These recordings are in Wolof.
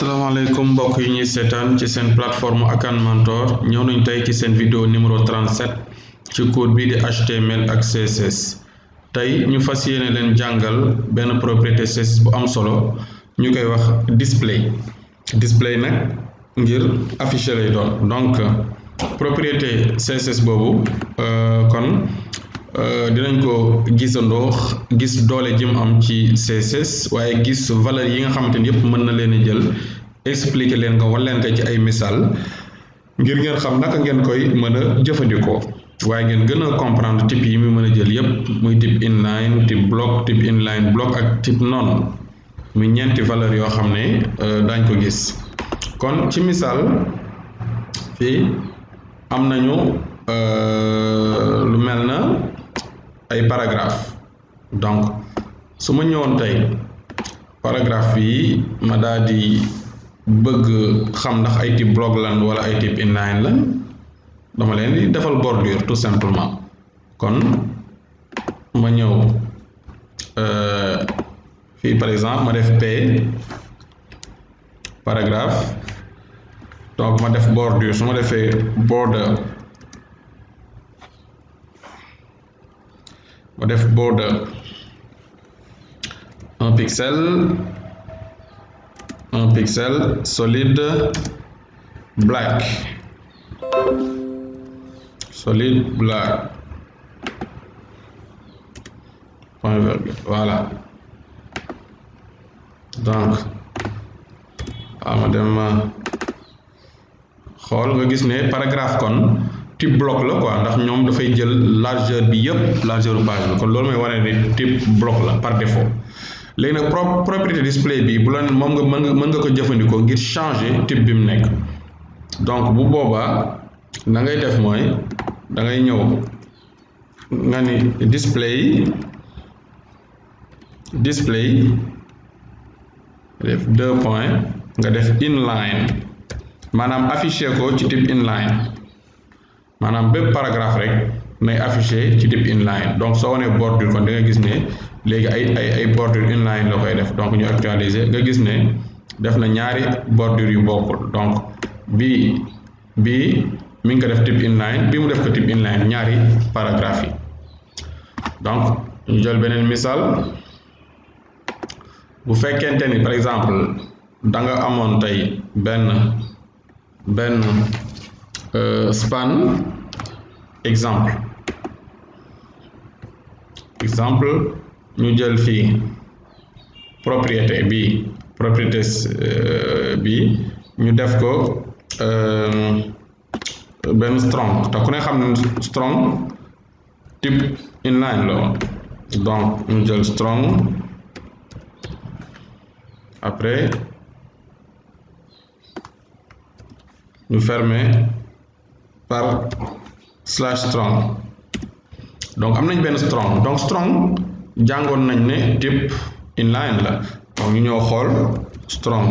asalaamaaleykum mbokk yi ñuy seetaan ci seen plateforme Akan Mentor ñëw nañu tey ci seen vidéo numéro 37 ci cours bi di HTML ak CSS tey ñu fas yéene leen jàngal benn propriété CSS bu am solo ñu koy wax display display nag ngir afficher lay doon donc propriété CSS boobu euh, kon Euh, dinañ ko gisandoo gis doole ji mu am ci CSS waaye gis valeur yi nga xamante ni yëpp mën na leen jël expliquer leen ko wala leen ci ay misaal ngir ngeen xam naka ngeen koy mën a jëfandikoo waaye ngeen gën a comprendre type yi muy mën a jël yëpp muy type inline type block type inline block ak type none muy ñeenti valeur yoo xam ne euh, daañ ko gis kon ci misaal fii am nañu euh, lu mel na ay paragraphe donc su ma ñëwoon tey paragraphe bi ma daal di bëgg xam ndax ay type block lan wala ay type inline lan dama leen di defal bordure tout simplement kon ma ñëw euh, fii par exemple ma def p paragraphe donc ma def bordure su ma defee border ma def border un pixel un pixel solid black solid black voilà donc waaw ah, ma dem euh, xool nga gis ne paragraphe kon type bloc la quoi ndax ñoom dafay jël largeur bi yépp largeur page bi kon loolu mooy wane ni type bloc la par défaut léegi nag pro propriété display bi bu la moom nga mën nga mën nga ko jëfandikoo ngir changer type bi mu nekk donc bu boobaa na ngay def mooy dangay ñëw nga ni display display def deux points nga def inline maanaam affiché ko ci type inline maanaam bépp paragraphe rek nay affiché ci type inline donc soo wanee bordure kon da nga gis ne léegi ay ay ay bordure inline la koy def donc ñu actualiser nga gis ne def na ñaari bordure yu bokkul donc bi bi mi ngi ko def type inline bii mu def ko type inline ñaari paragraphe yi donc ñu jël beneen misaal bu fekkente ni par exemple da nga amoon tey benn benn euh, span exemple exemple ñu jël fii propriété bi propriété euh, bi ñu def ko euh, benn strong te ku ne xam ne strong type inline la woon donc ñu jël strong après ñu fermer par strong donc am nañ benn strong donc strong jàngoon nañ ne type inline la donc ñu ñëw xool strong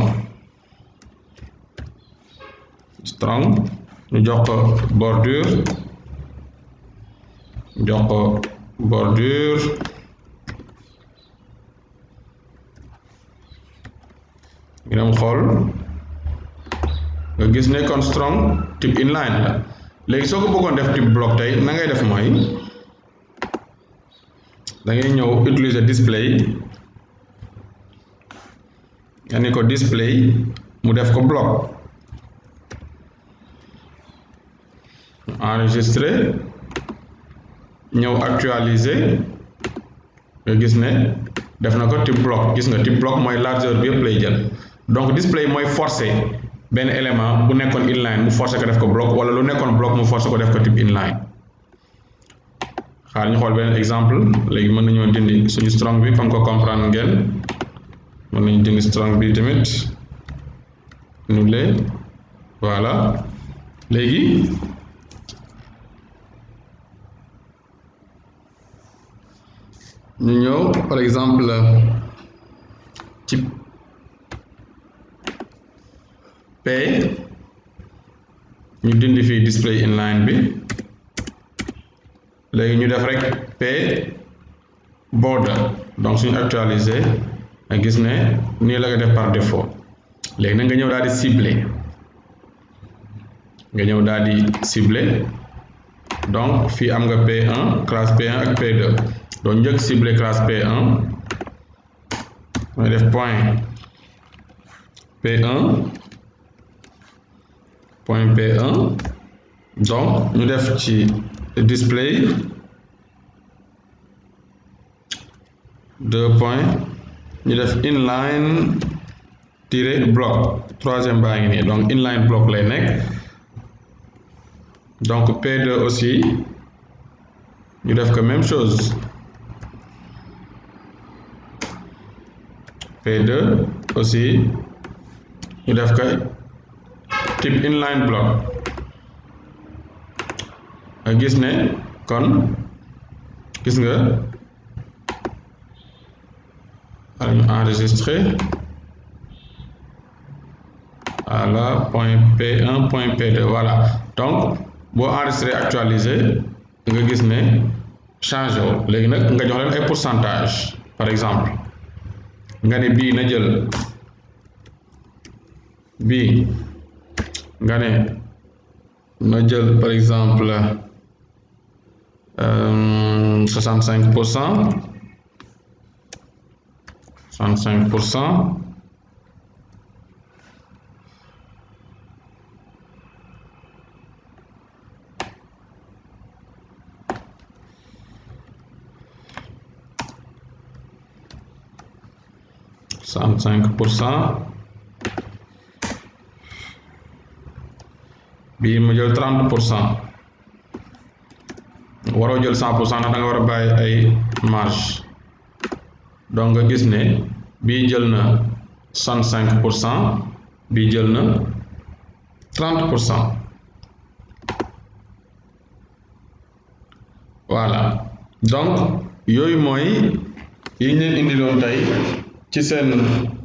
strong ñu jox ko bordure jox ko bordure ñu dem xool nga gis ne kon strong type inline la léegi soo ko bëggoon def type block tey na ngay def mooy dangay ñëw utiliser display nga ni ko display mu def ko block enregistré ñëw actualiser nga gis ne def na ko type block gis nga type block mooy largeur bi yëpp lay jël donc display mooy forcé benn élément bu nekkoon inline mu forcé ko def ko bloc wala lu nekkoon bloc mu forcé ko def ko type inline xaar ñu xool benn exemple léegi mën nañoo dindi suñu strong bi comme ko comprendre ngeen mën nañu dindi strong bi tamit annulé voilà léegi ñu ñëw par exemple ci pay ñu dindi fii display inline bi léegi ñu def rek pay border donc suñu actualiser nga gis ne nii la nga def par défaut léegi nag nga ñëw daal di nga ñëw daal di donc fii am nga P1 classe P1 ak P2 doo njëkk cibler classe P1 mooy def point P1 point P1 donc ñu def ci display deux points ñu def inline tiré bloc troisième baa ngi nii donc inline bloc lay nekk donc P2 aussi ñu def que même chose P2 aussi ñu def que type inline block nga gis ne kon gis nga wala ñu enregistré voilà point P1 point P2 voilà donc boo enregistré actualisé nga gis ne changé wu léegi nag nga jox leen ay pourcentage par exemple nga ne bii na jël bii nga ne na jël par exemple euh, soixante cinq pour cent soixante cinq pour cent soixante cinq pour cent bii ma jël trente pour cent waroo jël pour cent ndax war a bàyyi ay marge donc nga gis ne bii jël na soixante cinq pour cent bi jël na trente pour cent voilà donc yooyu mooy yi ñu leen indiloon tey ci seen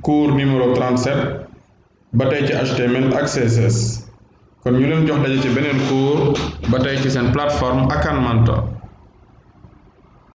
cours numéro 37 ba tey ci HTML ak CSS kon ñu leen jox daje ci beneen cours ba tey ci seen plateforme Akan Mentor